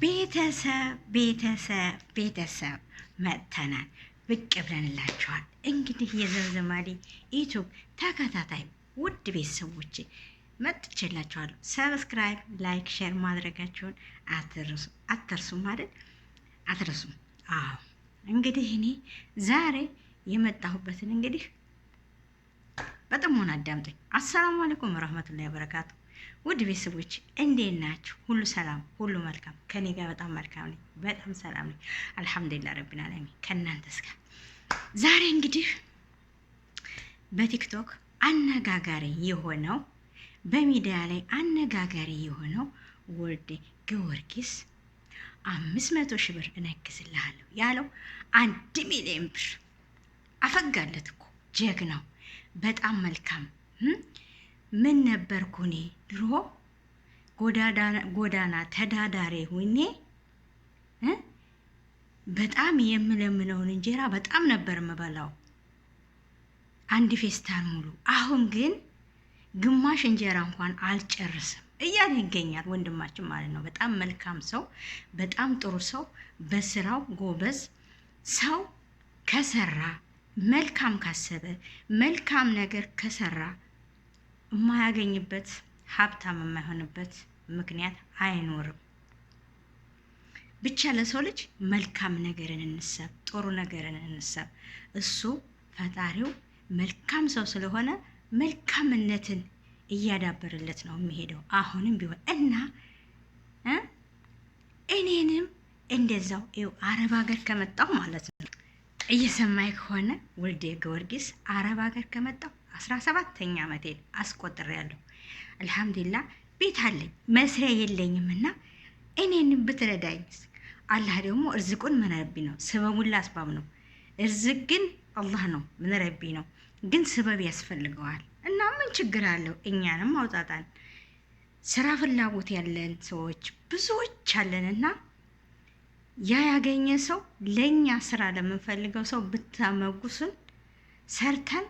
ቤተሰብ ቤተሰብ ቤተሰብ መጥተናል ብቅ ብለንላችኋል። እንግዲህ የዘምዘማሪ ዩቱብ ተከታታይ ውድ ቤተሰቦች መጥቼላችኋለሁ። ሰብስክራይብ፣ ላይክ፣ ሼር ማድረጋችሁን አትርሱም ማለት አትርሱም። አዎ እንግዲህ እኔ ዛሬ የመጣሁበትን እንግዲህ በጥሞና አዳምጠኝ። አሰላሙ አለይኩም ወረህመቱላሂ በረካቱ ውድ ቤተሰቦች እንዴት ናችሁ? ሁሉ ሰላም፣ ሁሉ መልካም። ከኔ ጋር በጣም መልካም ነኝ፣ በጣም ሰላም ነኝ። አልሐምዱሊላህ ረቢል ዓለሚን። ከእናንተስ ጋር ዛሬ እንግዲህ በቲክቶክ አነጋጋሪ የሆነው በሚዲያ ላይ አነጋጋሪ የሆነው ወልደ ጊዮርጊስ አምስት መቶ ሺህ ብር ያለው አንድ ሚሊዮን ብር አፈጋለት እኮ ጀግናው፣ በጣም መልካም ምን ነበርኩ እኔ ድሮ ጎዳና ተዳዳሪ ሁኔ በጣም የምለምነውን እንጀራ በጣም ነበር የምበላው አንድ ፌስታል ሙሉ። አሁን ግን ግማሽ እንጀራ እንኳን አልጨርስም እያለ ይገኛል ወንድማችን ማለት ነው። በጣም መልካም ሰው፣ በጣም ጥሩ ሰው፣ በስራው ጎበዝ ሰው ከሰራ መልካም ካሰበ መልካም ነገር ከሰራ የማያገኝበት ሀብታም የማይሆንበት ምክንያት አይኖርም። ብቻ ለሰው ልጅ መልካም ነገርን እንሰብ፣ ጥሩ ነገርን እንሰብ። እሱ ፈጣሪው መልካም ሰው ስለሆነ መልካምነትን እያዳበረለት ነው የሚሄደው አሁንም ቢሆን እና እኔንም እንደዛው ይኸው አረብ ሀገር ከመጣው ማለት ነው እየሰማይ ከሆነ ወልደ ጊዮርጊስ አረብ ሀገር ከመጣው 17ኛ ዓመቴን አስቆጥሬያለሁ። አልሐምዱሊላ ቤት አለኝ፣ መስሪያ የለኝም እና እኔን ብትረዳኝ አላህ ደግሞ እርዝቁን ምን ነው፣ ስበቡላ ላስባብ ነው። እርዝቅ ግን አላህ ነው፣ ምን ነው። ግን ስበብ ያስፈልገዋል እና ምን ችግር አለው? እኛንም አውጣጣን ስራ ፍላጎት ያለን ሰዎች ብዙዎች አለንና ያ ያገኘ ሰው ለእኛ ስራ ለምንፈልገው ሰው ብታመጉሱን ሰርተን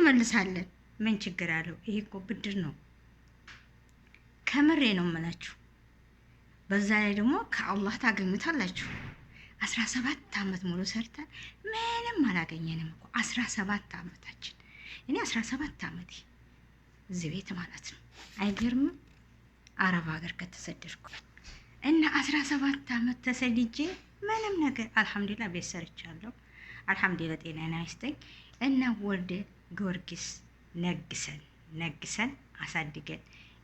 እንመልሳለን። ምን ችግር አለው? ይሄ እኮ ብድር ነው። ከምሬ ነው የምላችሁ። በዛ ላይ ደግሞ ከአላህ ታገኙታላችሁ። አስራ ሰባት ዓመት ሙሉ ሰርተን ምንም አላገኘንም እኮ አስራ ሰባት ዓመታችን እኔ አስራ ሰባት ዓመቴ እዚህ ቤት ማለት ነው። አይገርምም? አረብ ሀገር ከተሰደድኩ እና አስራ ሰባት ዓመት ተሰድጄ ምንም ነገር አልሐምዱሊላህ ቤት ሰርቻለሁ። አልሐምዱሊላህ ጤና ይስጠኝ እና ወልደ ጊዮርጊስ ነግሰን ነግሰን አሳድገን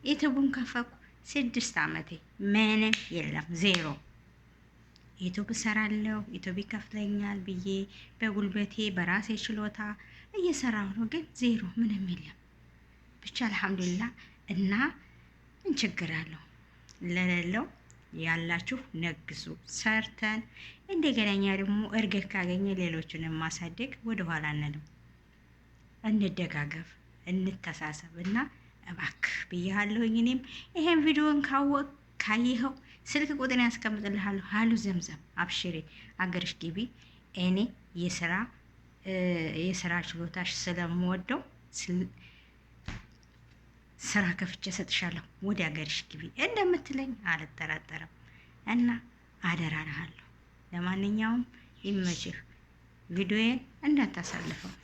ዩቱቡን ከፈኩ ስድስት ዓመቴ ምንም የለም ዜሮ። ዩቱብ እሰራለሁ ዩቱብ ይከፍለኛል ብዬ በጉልበቴ በራሴ ችሎታ እየሰራሁ ነው፣ ግን ዜሮ ምንም የለም። ብቻ አልሐምዱሊላ እና አለው ለሌለው ያላችሁ ነግሱ ሰርተን እንደገናኛ ደግሞ እርገት ካገኘ ሌሎችንም ማሳደግ ወደኋላ አንልም። እንደጋገፍ፣ እንተሳሰብ እና እባክህ ብያሃለሁኝ። እኔም ይሄን ቪዲዮን ካወቅ ካየኸው ስልክ ቁጥር ያስቀምጥልሃለሁ። ሀሉ ዘምዘም አብሽሬ አገርሽ ግቢ። እኔ የስራ የስራ ችሎታሽ ስለምወደው ስራ ከፍቼ ሰጥሻለሁ። ወደ አገርሽ ግቢ እንደምትለኝ አልጠራጠርም እና አደራ ለማንኛውም ይመችህ፣ ቪዲዮዬን እንዳታሳልፈው።